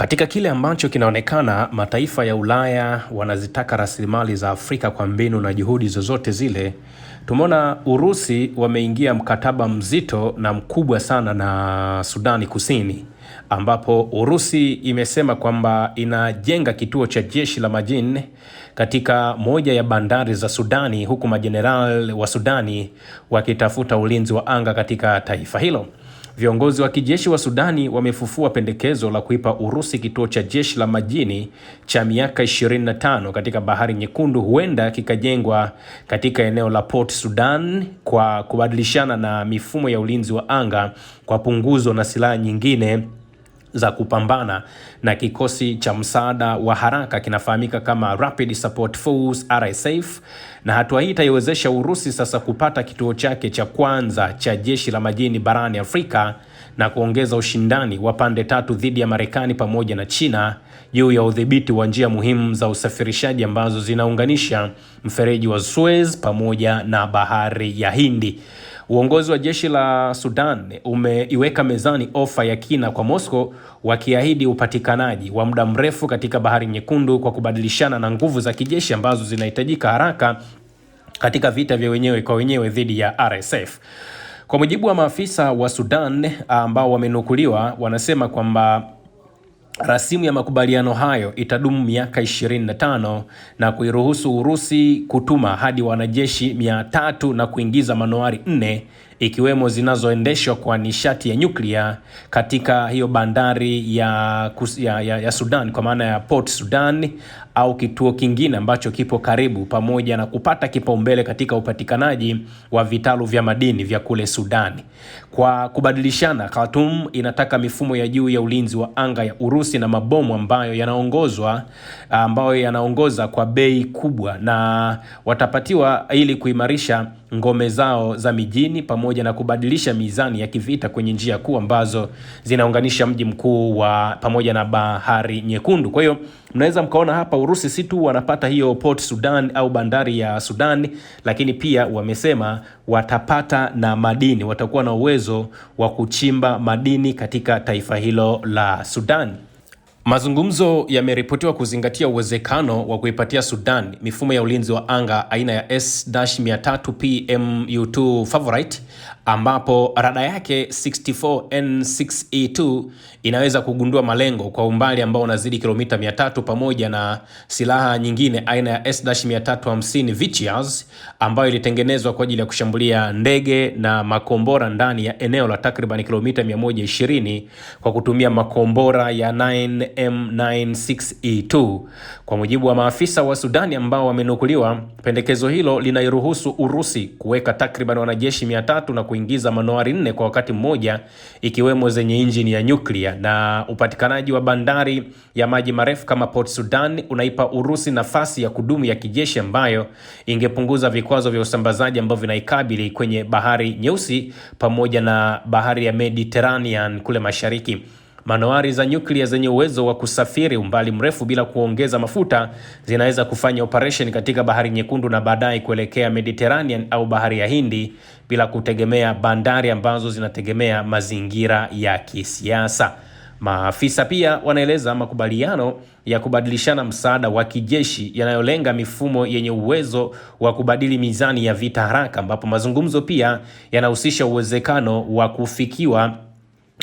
Katika kile ambacho kinaonekana mataifa ya Ulaya wanazitaka rasilimali za Afrika kwa mbinu na juhudi zozote zile, tumeona Urusi wameingia mkataba mzito na mkubwa sana na Sudani Kusini, ambapo Urusi imesema kwamba inajenga kituo cha jeshi la majini katika moja ya bandari za Sudani, huku majenerali wa Sudani wakitafuta ulinzi wa anga katika taifa hilo. Viongozi wa kijeshi wa Sudani wamefufua pendekezo la kuipa Urusi kituo cha jeshi la majini cha miaka 25 katika Bahari Nyekundu, huenda kikajengwa katika eneo la Port Sudan kwa kubadilishana na mifumo ya ulinzi wa anga kwa punguzo na silaha nyingine za kupambana na kikosi cha msaada wa haraka kinafahamika kama Rapid Support Force RSF, na hatua hii itaiwezesha Urusi sasa kupata kituo chake cha kwanza cha jeshi la majini barani Afrika na kuongeza ushindani wa pande tatu dhidi ya Marekani pamoja na China juu ya udhibiti wa njia muhimu za usafirishaji ambazo zinaunganisha mfereji wa Suez pamoja na bahari ya Hindi. Uongozi wa jeshi la Sudan umeiweka mezani ofa ya kina kwa Moscow, wakiahidi upatikanaji wa muda mrefu katika Bahari Nyekundu kwa kubadilishana na nguvu za kijeshi ambazo zinahitajika haraka katika vita vya wenyewe kwa wenyewe dhidi ya RSF. Kwa mujibu wa maafisa wa Sudan ambao wamenukuliwa, wanasema kwamba Rasimu ya makubaliano hayo itadumu miaka 25 na kuiruhusu Urusi kutuma hadi wanajeshi mia tatu na kuingiza manowari nne ikiwemo zinazoendeshwa kwa nishati ya nyuklia katika hiyo bandari ya, ya, ya, ya Sudan kwa maana ya Port Sudan au kituo kingine ambacho kipo karibu, pamoja na kupata kipaumbele katika upatikanaji wa vitalu vya madini vya kule Sudani. Kwa kubadilishana, Khartoum inataka mifumo ya juu ya ulinzi wa anga ya Urusi na mabomu ambayo yanaongozwa ambayo yanaongoza kwa bei kubwa na watapatiwa ili kuimarisha ngome zao za mijini pamoja na kubadilisha mizani ya kivita kwenye njia kuu ambazo zinaunganisha mji mkuu wa pamoja na bahari nyekundu. Kwa hiyo mnaweza mkaona hapa Urusi si tu wanapata hiyo Port Sudan au bandari ya Sudan, lakini pia wamesema watapata na madini, watakuwa na uwezo wa kuchimba madini katika taifa hilo la Sudan. Mazungumzo yameripotiwa kuzingatia uwezekano wa kuipatia Sudan mifumo ya ulinzi wa anga aina ya S-300 PMU2 Favorite ambapo rada yake 64N6E2 inaweza kugundua malengo kwa umbali ambao unazidi kilomita 300 pamoja na silaha nyingine aina ya S-350 Vityaz ambayo ilitengenezwa kwa ajili ya kushambulia ndege na makombora ndani ya eneo la takriban kilomita 120 kwa kutumia makombora ya 9M96E2. E kwa mujibu wa maafisa wa Sudani ambao wamenukuliwa, pendekezo hilo linairuhusu Urusi kuweka takriban wanajeshi 300 na kuingiza manowari nne kwa wakati mmoja ikiwemo zenye injini ya nyuklia, na upatikanaji wa bandari ya maji marefu kama Port Sudan unaipa Urusi nafasi ya kudumu ya kijeshi ambayo ingepunguza vikwazo vya usambazaji ambavyo vinaikabili kwenye bahari nyeusi pamoja na bahari ya Mediterranean kule mashariki. Manowari za nyuklia zenye uwezo wa kusafiri umbali mrefu bila kuongeza mafuta zinaweza kufanya operation katika Bahari Nyekundu na baadaye kuelekea Mediterranean au Bahari ya Hindi bila kutegemea bandari ambazo zinategemea mazingira ya kisiasa. Maafisa pia wanaeleza makubaliano ya kubadilishana msaada wa kijeshi yanayolenga mifumo yenye uwezo wa kubadili mizani ya vita haraka, ambapo mazungumzo pia yanahusisha uwezekano wa kufikiwa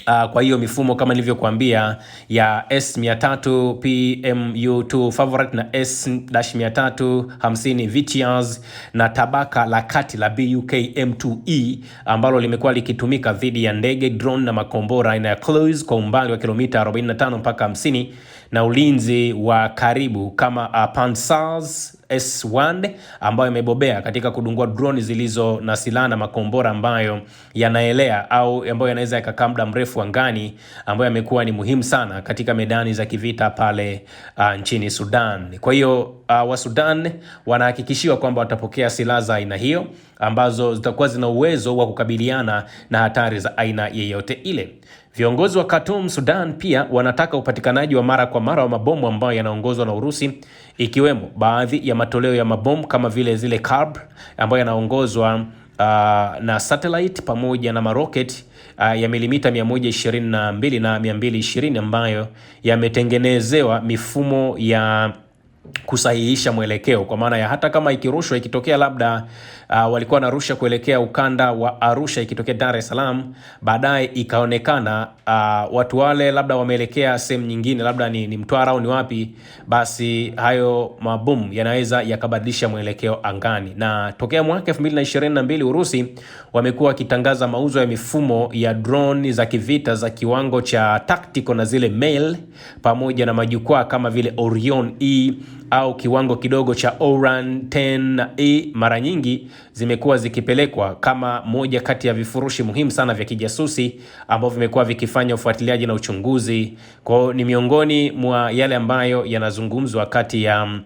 Uh, kwa hiyo mifumo kama nilivyokuambia ya S300 PMU2 favorite na S-350 Vitiaz na tabaka la kati la BUK M2E ambalo limekuwa likitumika dhidi ya ndege, drone na makombora aina ya close kwa umbali wa kilomita 45 mpaka 50 na ulinzi wa karibu kama uh, ah, Pantsers S1 ambayo imebobea katika kudungua droni zilizo na silaha na makombora ambayo yanaelea au ambayo yanaweza yakakaa muda mrefu angani, ambayo yamekuwa ni muhimu sana katika medani za kivita pale uh, nchini Sudan. Kwa hiyo uh, wa Sudan wanahakikishiwa kwamba watapokea silaha za aina hiyo ambazo zitakuwa zina uwezo wa kukabiliana na hatari za aina yeyote ile. Viongozi wa Khartoum, Sudan pia wanataka upatikanaji wa mara kwa mara wa mabomu ambayo yanaongozwa na Urusi ikiwemo baadhi ya matoleo ya mabomu kama vile zile Carb ambayo yanaongozwa Uh, na satellite pamoja na maroket uh, ah, ya milimita 122 na 220 ambayo yametengenezewa mifumo ya kusahihisha mwelekeo kwa maana ya hata kama ikirushwa ikitokea labda uh, walikuwa wanarusha kuelekea ukanda wa Arusha ikitokea Dar es Salaam, baadaye ikaonekana uh, watu wale labda wameelekea sehemu nyingine, labda ni, ni Mtwara au ni wapi, basi hayo mabomu yanaweza yakabadilisha mwelekeo angani. Na tokea mwaka 2022 Urusi wamekuwa wakitangaza mauzo ya mifumo ya drone za kivita za kiwango cha tactical na zile Mail pamoja na majukwaa kama vile Orion E au kiwango kidogo cha Oran 10E mara nyingi zimekuwa zikipelekwa kama moja kati ya vifurushi muhimu sana vya kijasusi ambavyo vimekuwa vikifanya ufuatiliaji na uchunguzi. Kwa ni miongoni mwa yale ambayo yanazungumzwa kati ya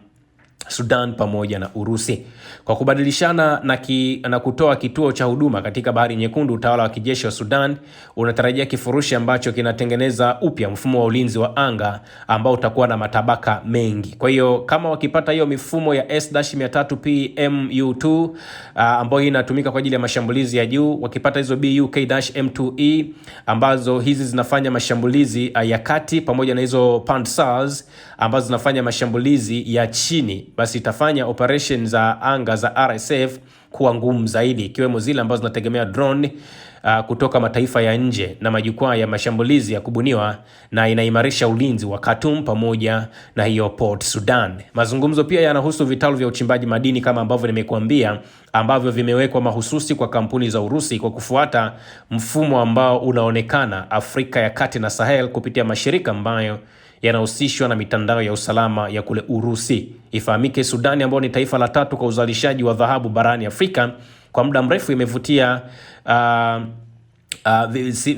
Sudan pamoja na Urusi. Kwa kubadilishana na, ki, na kutoa kituo cha huduma katika Bahari Nyekundu, utawala wa kijeshi wa Sudan unatarajia kifurushi ambacho kinatengeneza upya mfumo wa ulinzi wa anga ambao utakuwa na matabaka mengi. Kwa hiyo kama wakipata hiyo mifumo ya S-300P MU2 ah, ambayo hii inatumika kwa ajili ya mashambulizi ya juu, wakipata hizo BUK-M2E ambazo hizi zinafanya mashambulizi ah, ya kati pamoja na hizo Pantsers ambazo zinafanya mashambulizi ya chini basi itafanya operation za anga za RSF kuwa ngumu zaidi, ikiwemo zile ambazo zinategemea drone uh, kutoka mataifa ya nje na majukwaa ya mashambulizi ya kubuniwa, na inaimarisha ulinzi wa Khartoum pamoja na hiyo Port Sudan. Mazungumzo pia yanahusu vitalu vya uchimbaji madini kama ambavyo nimekuambia, ambavyo vimewekwa mahususi kwa kampuni za Urusi kwa kufuata mfumo ambao unaonekana Afrika ya Kati na Sahel kupitia mashirika ambayo yanahusishwa na mitandao ya usalama ya kule Urusi. Ifahamike, Sudani ambayo ni taifa la tatu kwa uzalishaji wa dhahabu barani Afrika kwa muda mrefu imevutia uh, uh,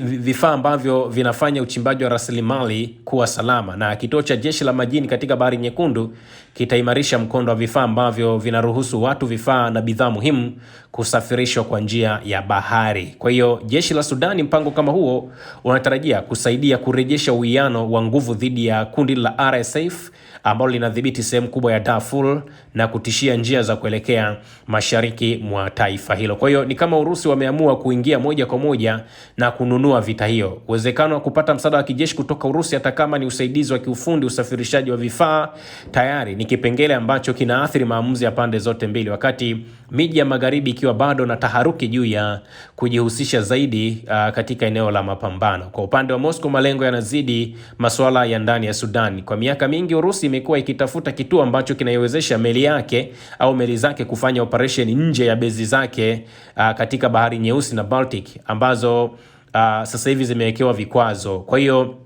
vifaa ambavyo vinafanya uchimbaji wa rasilimali kuwa salama, na kituo cha jeshi la majini katika Bahari Nyekundu kitaimarisha mkondo wa vifaa ambavyo vinaruhusu watu, vifaa na bidhaa muhimu kusafirishwa kwa njia ya bahari. Kwa hiyo jeshi la Sudani, mpango kama huo unatarajia kusaidia kurejesha uwiano wa nguvu dhidi ya kundi la RSF ambalo linadhibiti sehemu kubwa ya Darfur na kutishia njia za kuelekea mashariki mwa taifa hilo. Kwa hiyo ni kama Urusi wameamua kuingia moja kwa moja na kununua vita hiyo. Uwezekano wa kupata msaada wa kijeshi kutoka Urusi, hata kama ni usaidizi wa kiufundi, usafirishaji wa vifaa, tayari ni kipengele ambacho kinaathiri maamuzi ya pande zote mbili, wakati miji ya magharibi ikiwa bado na taharuki juu ya kujihusisha zaidi uh, katika eneo la mapambano. Kwa upande wa Moscow, malengo yanazidi masuala ya ndani ya Sudan. Kwa miaka mingi, Urusi imekuwa ikitafuta kituo ambacho kinaiwezesha meli yake au meli zake kufanya operesheni nje ya bezi zake uh, katika Bahari Nyeusi na Baltic ambazo uh, sasa hivi zimewekewa vikwazo. Kwa hiyo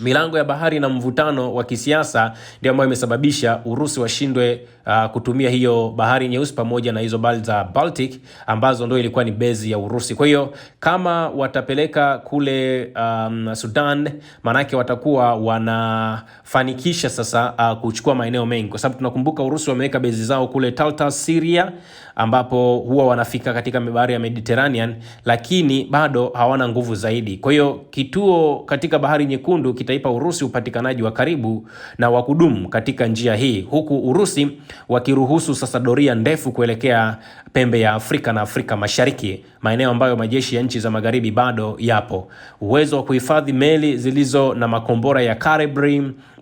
milango ya bahari na mvutano wa kisiasa ndio ambayo imesababisha Urusi washindwe uh, kutumia hiyo bahari nyeusi pamoja na hizo bahari za Baltic ambazo ndio ilikuwa ni bezi ya Urusi. Kwa hiyo kama watapeleka kule um, Sudan, maanake watakuwa wanafanikisha sasa uh, kuchukua maeneo mengi, kwa sababu tunakumbuka Urusi wameweka bezi zao kule Talta, Syria, ambapo huwa wanafika katika bahari ya Mediterranean, lakini bado hawana nguvu zaidi. Kwa hiyo kituo katika bahari nyekundu kitaipa Urusi upatikanaji wa karibu na wa kudumu katika njia hii, huku Urusi wakiruhusu sasa doria ndefu kuelekea pembe ya Afrika na Afrika Mashariki, maeneo ambayo majeshi ya nchi za magharibi bado yapo. Uwezo wa kuhifadhi meli zilizo na makombora ya Kalibr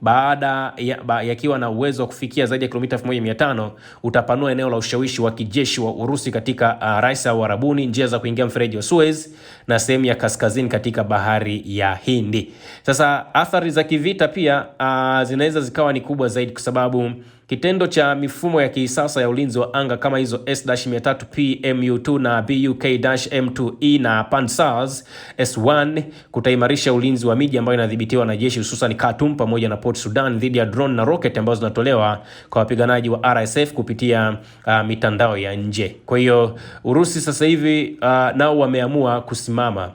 baada ya, yakiwa na uwezo wa kufikia zaidi ya kilomita 1500 utapanua eneo la ushawishi wa kijeshi wa Urusi katika uh, rais wa Arabuni, njia za kuingia mfereji wa Suez na sehemu ya kaskazini katika bahari ya Hindi. Sasa athari za kivita pia uh, zinaweza zikawa ni kubwa zaidi kwa sababu Kitendo cha mifumo ya kisasa ya ulinzi wa anga kama hizo S-300P MU2 na BUK-M2E na Pantsers S1 kutaimarisha ulinzi wa miji ambayo inadhibitiwa na jeshi hususan Khartoum pamoja na Port Sudan dhidi ya drone na rocket ambazo zinatolewa kwa wapiganaji wa RSF kupitia uh, mitandao ya nje. Kwa hiyo Urusi sasa hivi uh, nao wameamua kusimama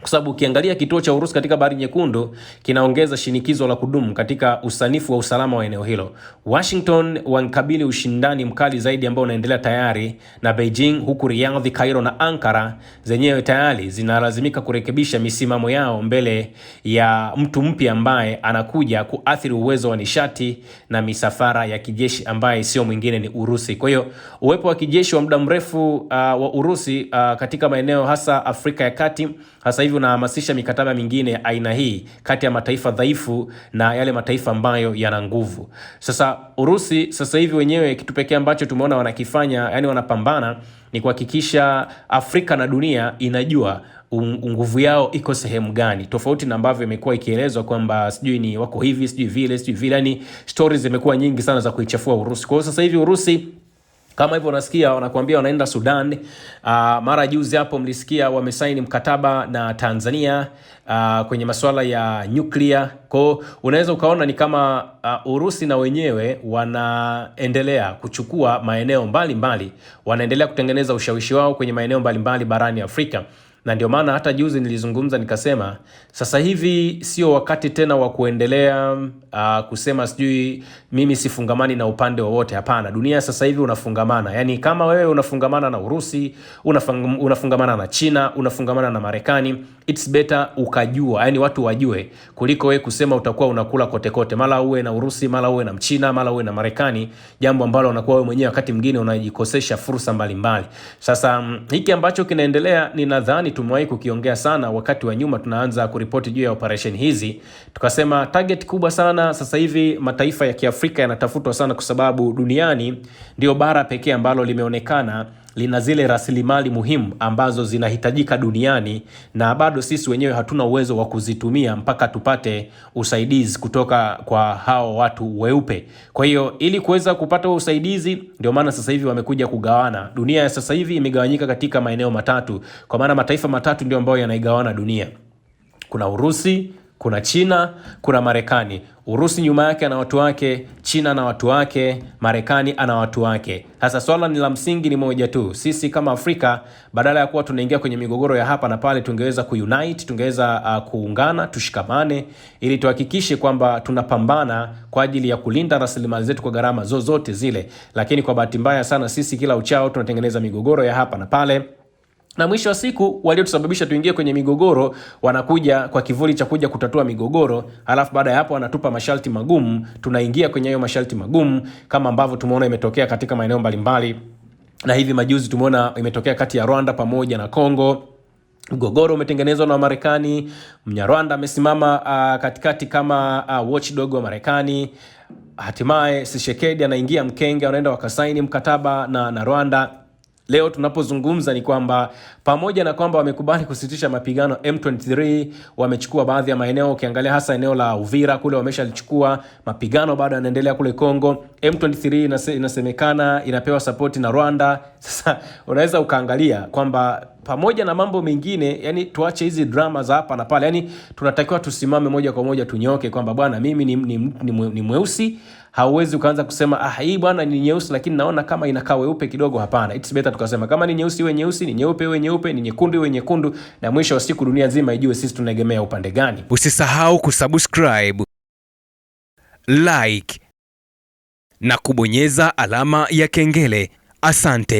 kwa sababu ukiangalia kituo cha Urusi katika Bahari Nyekundu kinaongeza shinikizo la kudumu katika usanifu wa usalama wa eneo hilo. Washington wankabili ushindani mkali zaidi ambao unaendelea tayari na Beijing, huku Riyadh, Cairo na Ankara zenyewe tayari zinalazimika kurekebisha misimamo yao mbele ya mtu mpya ambaye anakuja kuathiri uwezo wa nishati na misafara ya kijeshi ambaye sio mwingine ni Urusi. Kwa hiyo uwepo wa kijeshi wa muda mrefu uh, wa Urusi uh, katika maeneo hasa Afrika ya Kati hasa hivi unahamasisha mikataba mingine ya aina hii kati ya mataifa dhaifu na yale mataifa ambayo yana nguvu. Sasa Urusi sasa hivi wenyewe kitu pekee ambacho tumeona wanakifanya, yani wanapambana ni kuhakikisha Afrika na dunia inajua nguvu yao iko sehemu gani, tofauti na ambavyo imekuwa ikielezwa kwamba sijui ni wako hivi sijui vile sijui vile, yani stories zimekuwa nyingi sana za kuichafua Urusi. Kwa hiyo sasa hivi Urusi kama hivyo unasikia wanakuambia wanaenda Sudan. Uh, mara juzi hapo mlisikia wamesaini mkataba na Tanzania uh, kwenye masuala ya nyuklia. Kwa unaweza ukaona ni kama uh, Urusi na wenyewe wanaendelea kuchukua maeneo mbalimbali mbali. Wanaendelea kutengeneza ushawishi wao kwenye maeneo mbalimbali mbali barani Afrika na ndio maana hata juzi nilizungumza nikasema, sasa hivi sio wakati tena wa kuendelea uh, kusema sijui mimi sifungamani na upande wowote. Hapana, dunia sasa hivi unafungamana, yani kama wewe unafungamana na Urusi, unafung, unafungamana na China, unafungamana na Marekani, it's better ukajua, yani watu wajue, kuliko wewe kusema utakuwa unakula kotekote kote, mara uwe na Urusi, mara uwe na Mchina, mara uwe na Marekani, jambo ambalo unakuwa wewe mwenyewe wakati mwingine unajikosesha fursa mbalimbali mbali. Sasa mm, hiki ambacho kinaendelea ni nadhani tumewahi kukiongea sana wakati wa nyuma, tunaanza kuripoti juu ya operesheni hizi, tukasema target kubwa sana sasa hivi mataifa ya Kiafrika yanatafutwa sana, kwa sababu duniani ndio bara pekee ambalo limeonekana lina zile rasilimali muhimu ambazo zinahitajika duniani na bado sisi wenyewe hatuna uwezo wa kuzitumia mpaka tupate usaidizi kutoka kwa hao watu weupe. Kwa hiyo ili kuweza kupata usaidizi, ndio maana sasa hivi wamekuja kugawana dunia. Ya sasa hivi imegawanyika katika maeneo matatu, kwa maana mataifa matatu ndio ambayo yanaigawana dunia. Kuna Urusi kuna China, kuna Marekani. Urusi nyuma yake ana watu wake, China ana watu wake, Marekani ana watu wake. Sasa swala ni la msingi ni moja tu, sisi kama Afrika badala ya kuwa tunaingia kwenye migogoro ya hapa na pale, tungeweza kuunite, tungeweza uh, kuungana, tushikamane ili tuhakikishe kwamba tunapambana kwa ajili ya kulinda rasilimali zetu kwa gharama zozote zile, lakini kwa bahati mbaya sana sisi kila uchao tunatengeneza migogoro ya hapa na pale na mwisho wa siku waliotusababisha tuingie kwenye migogoro wanakuja kwa kivuli cha kuja kutatua migogoro, alafu baada ya hapo wanatupa masharti magumu, tunaingia kwenye hayo masharti magumu, kama ambavyo tumeona imetokea katika maeneo mbalimbali, na hivi majuzi tumeona imetokea kati ya Rwanda pamoja na Kongo. Mgogoro umetengenezwa na Marekani. Mnyarwanda amesimama uh, katikati kama uh, watchdog wa Marekani. Hatimaye sishekedi anaingia mkenge, wanaenda wakasaini mkataba na, na Rwanda Leo tunapozungumza ni kwamba pamoja na kwamba wamekubali kusitisha mapigano, M23 wamechukua baadhi ya maeneo. Ukiangalia hasa eneo la Uvira kule wameshalichukua, mapigano bado yanaendelea kule Kongo. M23 inasemekana inapewa sapoti na Rwanda. Sasa unaweza ukaangalia kwamba pamoja na mambo mengine, yani tuache hizi drama za hapa na pale, yani tunatakiwa tusimame moja kwa moja, tunyoke kwamba bwana, mimi ni, ni, ni, ni mweusi. Hauwezi ukaanza kusema ah, hii bwana ni nyeusi, lakini naona kama inakaa weupe kidogo. Hapana, it's better tukasema kama ni nyeusi iwe nyeusi, ni nyeupe iwe nyeupe, ni nyekundu iwe nyekundu, na mwisho wa siku dunia nzima ijue sisi tunaegemea upande gani. Usisahau kusubscribe, like na kubonyeza alama ya kengele. Asante.